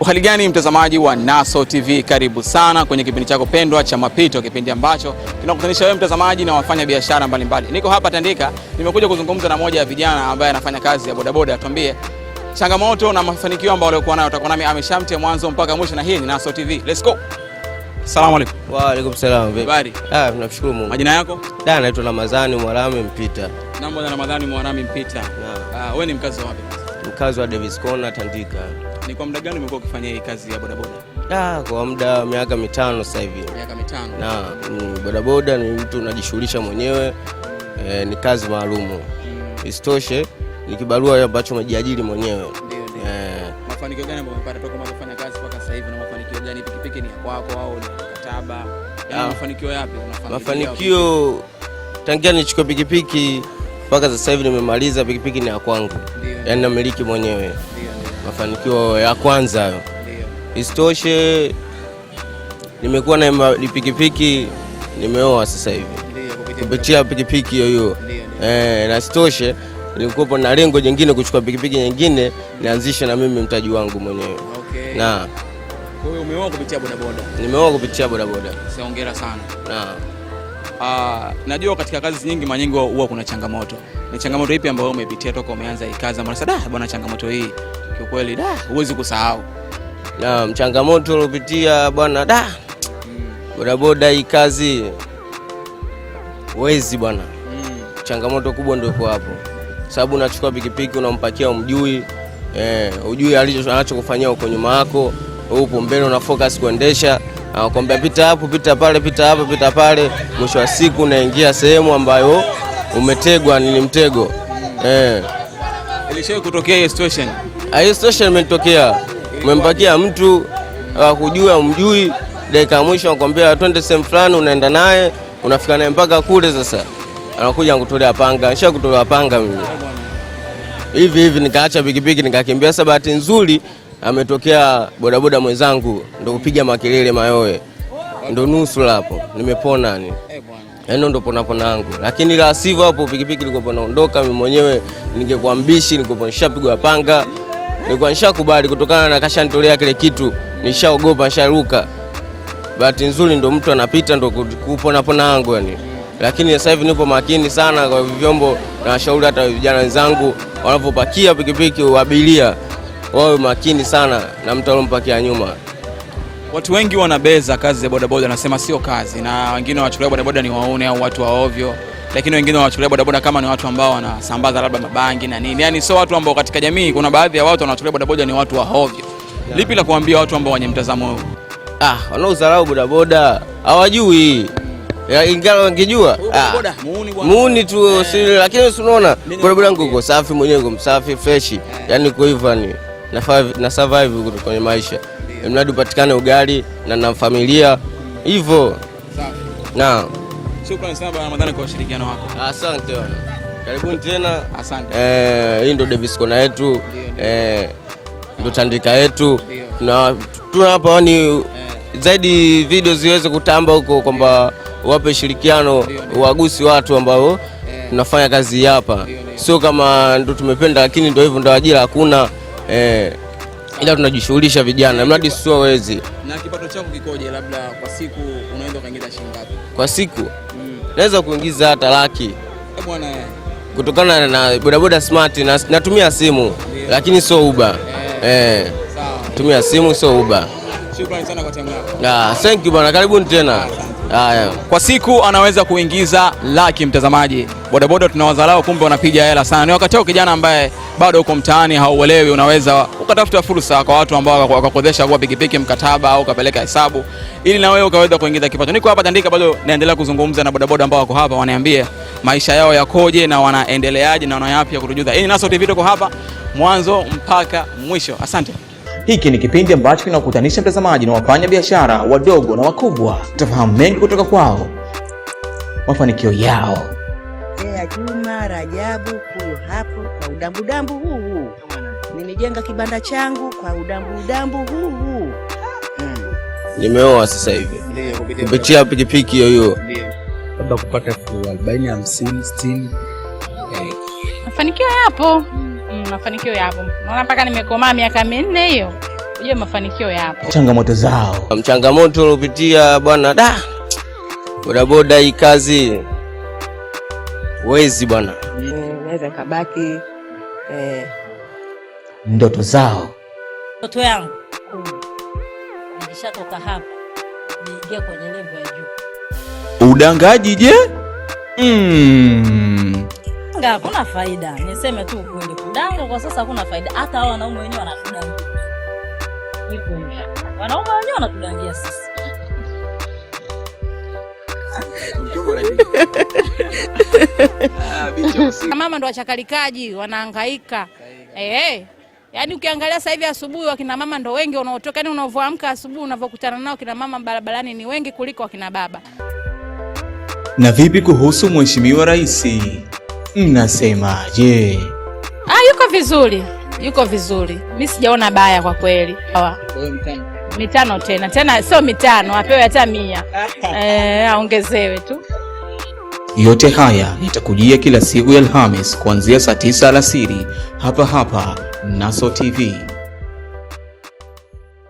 Uhali gani mtazamaji wa Naso TV, karibu sana kwenye kipindi chako pendwa cha Mapito, kipindi ambacho kinakutanisha wewe mtazamaji na wafanya biashara mbalimbali. Niko hapa Tandika, nimekuja kuzungumza na moja ya vijana ambaye anafanya kazi ya bodaboda. Tuambie changamoto na mafanikio ambayo alikuwa nayo, utakuwa nami ameshamtia mwanzo mpaka mwisho, na hii ni Naso TV. Let's go. Salamu alaykum. Wa alaykum salaam. Habari? Ah, tunashukuru Mungu. Majina yako? Da, naitwa Ramadhani Mwarami Mpita. Naomba na Ramadhani Mwarami Mpita. Ah, Wewe ni mkazi wa wapi? Mkazi wa Davis Corner Tandika. Ni kwa muda gani umekuwa ukifanya hii kazi ya bodaboda? Ah, kwa muda wa miaka mitano sasa hivi. Miaka mitano. Na mm, bodaboda ni mtu unajishughulisha mwenyewe e, ni kazi maalumu. Mm. Isitoshe ni kibarua ambacho umejiajiri mwenyewe. Eh. Mafanikio gani ambayo umepata toka unafanya kazi mpaka sasa hivi na mafanikio gani pikipiki ni kwako au ni mkataba? Ya yaani ah. mafanikio yapi unafanya? Mafanikio tangia nichukue pikipiki mpaka sasa hivi nimemaliza pikipiki ni ya kwangu. Yaani namiliki mwenyewe mafanikio ya kwanza. Isitoshe, nimekuwa na pikipiki, nimeoa sasa hivi kupitia pikipiki hiyo hiyo eh, na sitoshe nilikuwa na lengo jingine kuchukua pikipiki nyingine nianzishe na mimi mtaji wangu mwenyewe. Okay. Na kwa hiyo umeoa kupitia bodaboda? Nimeoa kupitia bodaboda. Sasa hongera sana. Na ah, najua katika kazi nyingi manyingi huwa kuna changamoto. Ni changamoto ipi ambayo umepitia toka umeanza hii kazi? Mara sada bwana, changamoto hii kiukweli da huwezi kusahau. Na mchangamoto uliopitia bwana da mm. bodaboda hii kazi wezi bwana mm. Changamoto kubwa ndio kwa hapo, sababu unachukua pikipiki unampakia umjui, eh, ujui anachokufanyia uko nyuma yako, upo mbele una focus kuendesha, anakuambia pita hapo, pita pale, pita hapo, pita pale. Mwisho wa siku unaingia sehemu ambayo umetegwa, ni mtego. Mm. Eh, ilishawahi kutokea hiyo situation? Ah, hiyo situation imetokea, umempakia mtu akujui ah, amjui, dakika ya mwisho anakuambia twende sehemu fulani, unaenda naye unafika naye mpaka kule. Sasa anakuja kutolea panga, nisha kutolea panga mimi hivi hivi, nikaacha pikipiki nikakimbia. Sasa bahati nzuri ametokea bodaboda mwenzangu, ndo kupiga makelele mayoe, ndo nusu hapo nimepona ni yaani ndo pona pona yangu, lakini la sivyo hapo pikipiki ilikuwa naondoka mimi mwenyewe, ningekuwa mbishi ningekuwa nishapigwa panga nilikuwa nishakubali kutokana na kashanitolea kile kitu, nishaogopa nisharuka. Bahati nzuri ndo mtu anapita ndo kupona pona yangu yani, lakini sasa hivi nipo makini sana kwa vyombo, na washauri hata vijana wenzangu wanavyopakia pikipiki abiria wawe makini sana na mtu alompakia nyuma. Watu wengi wanabeza kazi ya bodaboda, nasema sio kazi, na wengine wachukulia bodaboda ni waone au watu waovyo lakini wengine wanachukulia bodaboda kama ni watu ambao wanasambaza labda mabangi na nini, yani sio watu ambao katika jamii. Kuna baadhi ya watu wanachukulia bodaboda ni watu wa hovyo. Lipi la kuambia watu ambao wenye mtazamo huu? Ah, wanaodharau bodaboda hawajui ingawa wangejua ah, muuni tu yeah. Si lakini unaona bodaboda wangu uko safi, mwenyewe uko msafi fresh yeah. Yani uko hivyo ni na survive kwenye maisha yeah. Mradi upatikane ugali na na familia hivyo na Shukrani sana Bwana Ramadhani kwa ushirikiano wako. Asante bwana. Karibuni tena. Asante. Eh, hii ndo Davis Kona yetu eh, ndo tandika yetu na tuna hapa ni eh. zaidi video ziweze kutamba huko kwamba wape ushirikiano wagusi watu ambao eh. tunafanya kazi hapa, sio kama ndo tumependa, lakini ndo hivyo, ndo ajira hakuna eh, ila tunajishughulisha vijana, eh, mradi sio wezi. Na kipato chako kikoje? Labda kwa siku unaenda kaingiza shilingi ngapi? Kwa siku naweza kuingiza hata laki eh, kutokana na bodaboda smart na, natumia simu yeah. Lakini sio uba yeah. Eh, eh. tumia simu sio uba Shukrani sana kwa time yako. Ah, thank you bwana, karibuni tena. Ah, Uh, kwa siku anaweza kuingiza laki mtazamaji. Bodaboda tunawadharau, kumbe wanapiga hela sana. Ni wakati wao kijana ambaye bado uko mtaani hauelewi, unaweza ukatafuta fursa kwa watu ambao wakakodesha kwa pikipiki mkataba au ukapeleka hesabu ili na wewe ukaweza kuingiza kipato. Niko hapa Tandika, bado naendelea kuzungumza na bodaboda ambao wako hapa, wanaambia maisha yao yakoje na wanaendeleaje na wanayapi ya kutujuza. Ili naso TV tuko hapa mwanzo mpaka mwisho. Asante. Hiki ni kipindi ambacho kinakutanisha mtazamaji na wafanya biashara wadogo na wakubwa. Tafahamu mengi kutoka kwao, mafanikio yao. Ea Juma Rajabu huyo hapo, kwa udambudambu huu huu nimejenga kibanda changu kwa udambudambu huu huu. hmm. Nimeoa sasa hivi kupitia pikipiki hiyo hiyo, labda kupata elfu arobaini hamsini sitini. Mafanikio yapo mm, mafanikio yapo. Naona mpaka nimekomaa miaka minne hiyo, ujue mafanikio yapo. Changamoto zao, changamoto uliopitia bwana, da bodaboda hii kazi wezi bwana, eh, naweza kabaki eh. Ndoto zao, ndoto yangu nikishatoka hapa niingie kwenye level ya juu. Udangaji je? mm kudanga hakuna faida, niseme tu ukweli. Kudanga kwa sasa hakuna faida, hata hao wanaume wenyewe wanakudanga. Wanaume wenyewe wanatudangia sisi. Mama ndo wachakalikaji wanahangaika. Eh, eh, yaani ukiangalia sasa hivi asubuhi wakina mama ndo wengi wanaotoka, yaani unavyoamka asubuhi unavyokutana nao kina mama barabarani ni wengi kuliko wakina baba. Na vipi kuhusu Mheshimiwa Rais? mnasemaje? Ah, yuko vizuri, yuko vizuri, mi sijaona baya kwa kweli. Mitano tena tena, sio mitano, apewe hata mia eh, aongezewe tu. Yote haya yatakujia kila siku ya Alhamis kuanzia saa tisa alasiri hapa hapa Naso TV.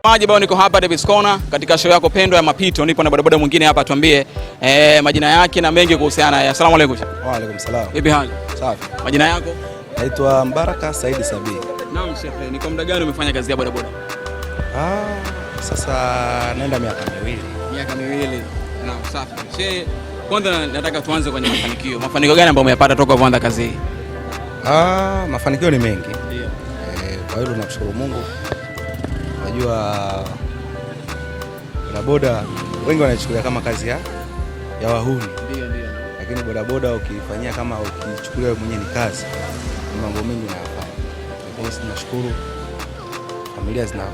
Maji bao niko hapa Davis Corner katika show yako pendwa ya Mapito, nipo na bodaboda mwingine hapa, tuambie eh, majina yake na mengi kuhusiana Asalamu alaykum. Wa alaykum salaam. Vipi hali? Safi. Majina yako? Naitwa Mbaraka Saidi Sabi. Naam Sheikh, ni kwa muda gani umefanya kazi ya bodaboda? Ah, sasa naenda miaka miwili. Miaka miwili. Naam, safi. Sheikh, kwanza nataka tuanze kwenye mafanikio. Mafanikio gani ambayo umeyapata toka kuanza kazi hii? Ah, mafanikio ni mengi. Ndio. Yeah. Eh, kwa hiyo tunamshukuru Mungu. Unajua bodaboda wengi wanachukulia kama kazi ya, ya wahuni, lakini bodaboda ukifanyia kama ukichukulia wewe mwenyewe ni kazi, ni mambo mengi unayofanya. Lakini tunashukuru familia zina,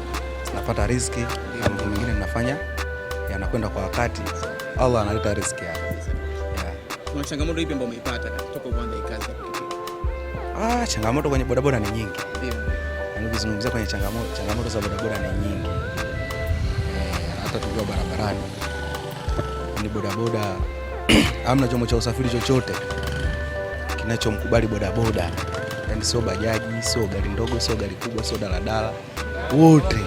zinapata na mambo mengine tunafanya yanakwenda kwa wakati, Allah analeta riski yake. Kuna changamoto ipi ambayo umeipata kutoka Ah, changamoto kwenye bodaboda ni nyingi. Ndio. Yaani ukizungumzia kwenye changamoto, changamoto za bodaboda ni nyingi e, hata tukiwa barabarani ni bodaboda hamna chombo cha usafiri chochote kinachomkubali bodaboda, yani sio bajaji, sio gari ndogo, sio gari kubwa, sio daladala, wote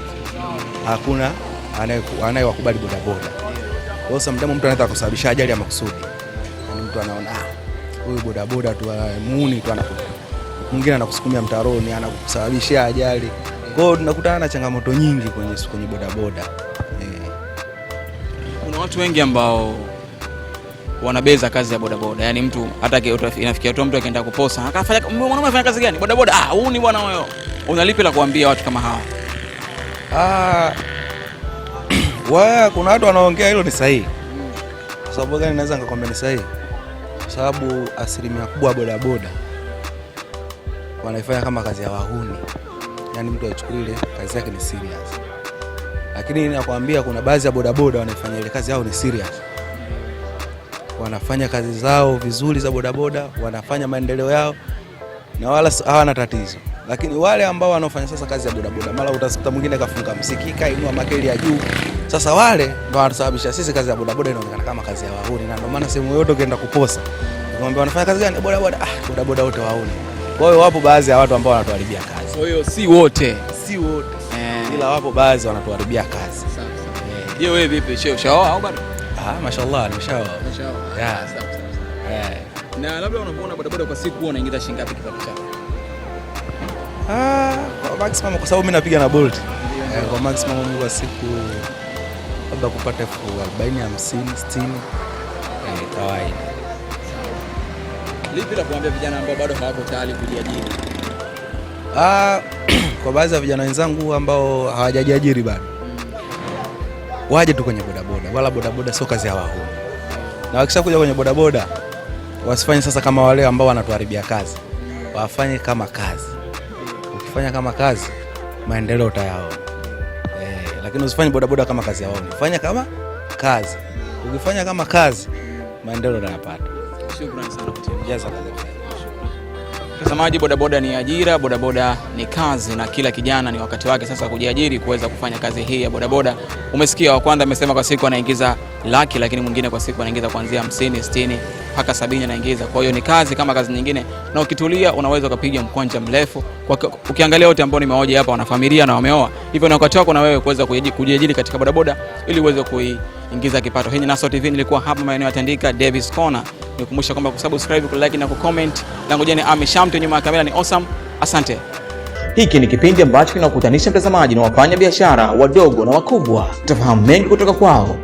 hakuna anayewakubali bodaboda. Kwa hiyo sometimes mtu anaweza kusababisha ajali ya makusudi, yaani mtu anaona ah, huyu bodaboda tu ah, muuni tu anakuja mwingine anakusukumia mtaroni, anakusababishia ajali. Kwa hiyo tunakutana na changamoto nyingi kwenye kwenye bodaboda. Eh. Kuna watu wengi ambao wanabeza kazi ya bodaboda, yaani mtu hata inafikia tu mtu akienda kuposa akafanya mwanaume afanya kazi gani? Bodaboda. Ah, huu ni bwana wewe, unalipi la kuambia watu kama hawa? Ah, wa kuna watu wanaongea hilo ni sahihi. Sababu gani? Naweza nikakwambia ni sahihi, sababu asilimia kubwa bodaboda wanaifanya kama kazi ya wahuni, yani mtu achukue ile kazi yake ni serious. Lakini nakwambia kuna baadhi ya bodaboda wanaifanya ile kazi yao ni serious, wanafanya kazi zao vizuri za bodaboda, wanafanya maendeleo yao na wala hawana tatizo. Lakini wale ambao wanaofanya sasa kazi ya bodaboda, mara utasikia mwingine kafunga msikika, kainua makeli ya juu sasa wale ndio wanasababisha sisi kazi ya bodaboda inaonekana kama kazi ya wahuni, na ndio maana sehemu yote ukienda kuposa, unaambia wanafanya kazi gani? Bodaboda. Ah, bodaboda wote wahuni. Kwa hiyo wapo baadhi ya watu ambao wanatuharibia kazi. Kwa hiyo si wote, si wote eh, ila wapo baadhi wanatuharibia kazi. Sawa sawa. Je, wewe vipi? Shehe, ushaoa au bado? Ah, mashallah nimeshaoa. Nimeshaoa. Yeah. Sawa ah, sawa. Eh. Na labda unapoona bodaboda kwa siku unaingiza shilingi ngapi kipato chako? Ah, kwa maximum kwa sababu mimi napiga na Bolt. Eh, kwa maximum mimi kwa siku labda kupata elfu arobaini, hamsini, sitini. Eh, kawaida lipi la kuambia vijana ambao bado hawako tayari kujiajiri? Ah, kwa baadhi ya vijana wenzangu ambao hawajajiajiri bado waje tu kwenye bodaboda, wala bodaboda sio kazi ya wao, na kuja kwenye bodaboda wasifanye sasa kama wale ambao wanatuharibia kazi, wafanye kama kazi. Ukifanya kama kazi, maendeleo utayaona eh, lakini usifanye bodaboda kama kazi ya wao, fanya kama kazi. Ukifanya kama kazi, maendeleo utayapata. Shukrani sana jazakallah khair. Mtazamaji, bodaboda ni ajira, bodaboda ni kazi, na kila kijana ni wakati wake sasa kujiajiri, kuweza kufanya kazi hii ya bodaboda. Umesikia wa kwanza amesema kwa siku anaingiza laki, lakini mwingine kwa siku anaingiza kuanzia 50, 60 mpaka sabini anaingiza. Kwa hiyo ni kazi kama kazi nyingine, na ukitulia unaweza ukapiga mkwanja mrefu. Ukiangalia wote ambao nimewaoja hapa wana familia na wameoa, hivyo ni wakati wako na wewe kuweza kujiajiri katika bodaboda ili uweze kuingiza kipato. Hii ni Naso TV, nilikuwa hapa maeneo ya Tandika Davis Corner nikukumbusha kwamba kusubscribe, kulike na kucomment. Langu jina ni Amishamte, nyuma ya kamera ni Awesome. Asante. Hiki ni kipindi ambacho kinakutanisha mtazamaji na wafanya biashara wadogo na wakubwa. Tafahamu mengi kutoka kwao,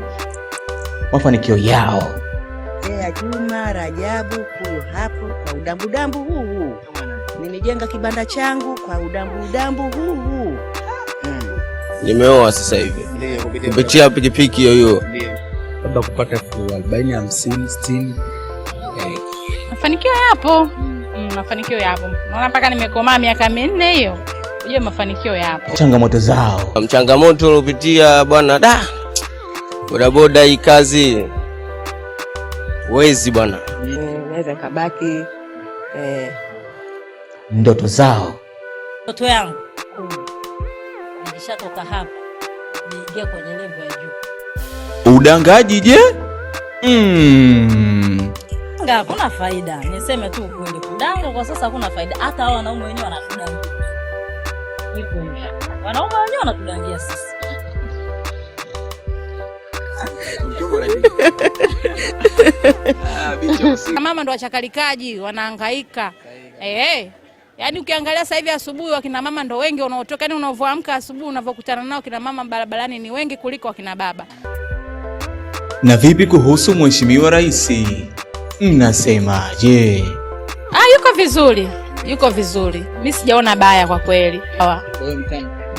mafanikio yao. Ea Juma Rajabu huyo hapo, kwa udambudambu huu huu nimejenga kibanda changu kwa udambudambu huu huu. Hmm. Nimeoa sasa hivi Ndio kupitia pikipiki hiyo hiyo, Ndio. labda kupata elfu arobaini hamsini sitini mafanikio yapo mm, mafanikio yapo. Naona mpaka nimekomaa miaka minne hiyo, ujue mafanikio yapo. Changamoto zao, mchangamoto um, uliopitia bwana, da bodaboda hii kazi wezi bwana, eh, naweza kabaki eh. Ndoto zao, ndoto yangu nikishatoka hapa niingie kwenye level ya juu. Udangaji je? mm kudanga hakuna faida, niseme tu ukweli. Kudanga kwa sasa hakuna faida, hata hao wanaume wenyewe wanakudanga. Wanaume wenyewe wanatudangia sisi. Mama ndo wachakalikaji wanahangaika. Eh, eh, yaani ukiangalia sasa hivi asubuhi wakina mama ndo wengi wanaotoka, yaani unavyoamka asubuhi unavyokutana nao kina mama barabarani ni wengi kuliko wakina baba. Na vipi kuhusu Mheshimiwa Rais? mnasemaje? Ah, yuko vizuri, yuko vizuri, mi sijaona baya kwa kweli.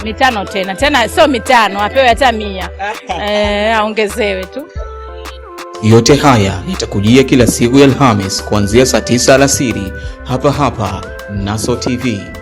Mitano tena tena, sio mitano, apewe hata mia eh, aongezewe tu. Yote haya yatakujia kila siku ya Alhamis kuanzia saa tisa alasiri hapa hapa Naso TV.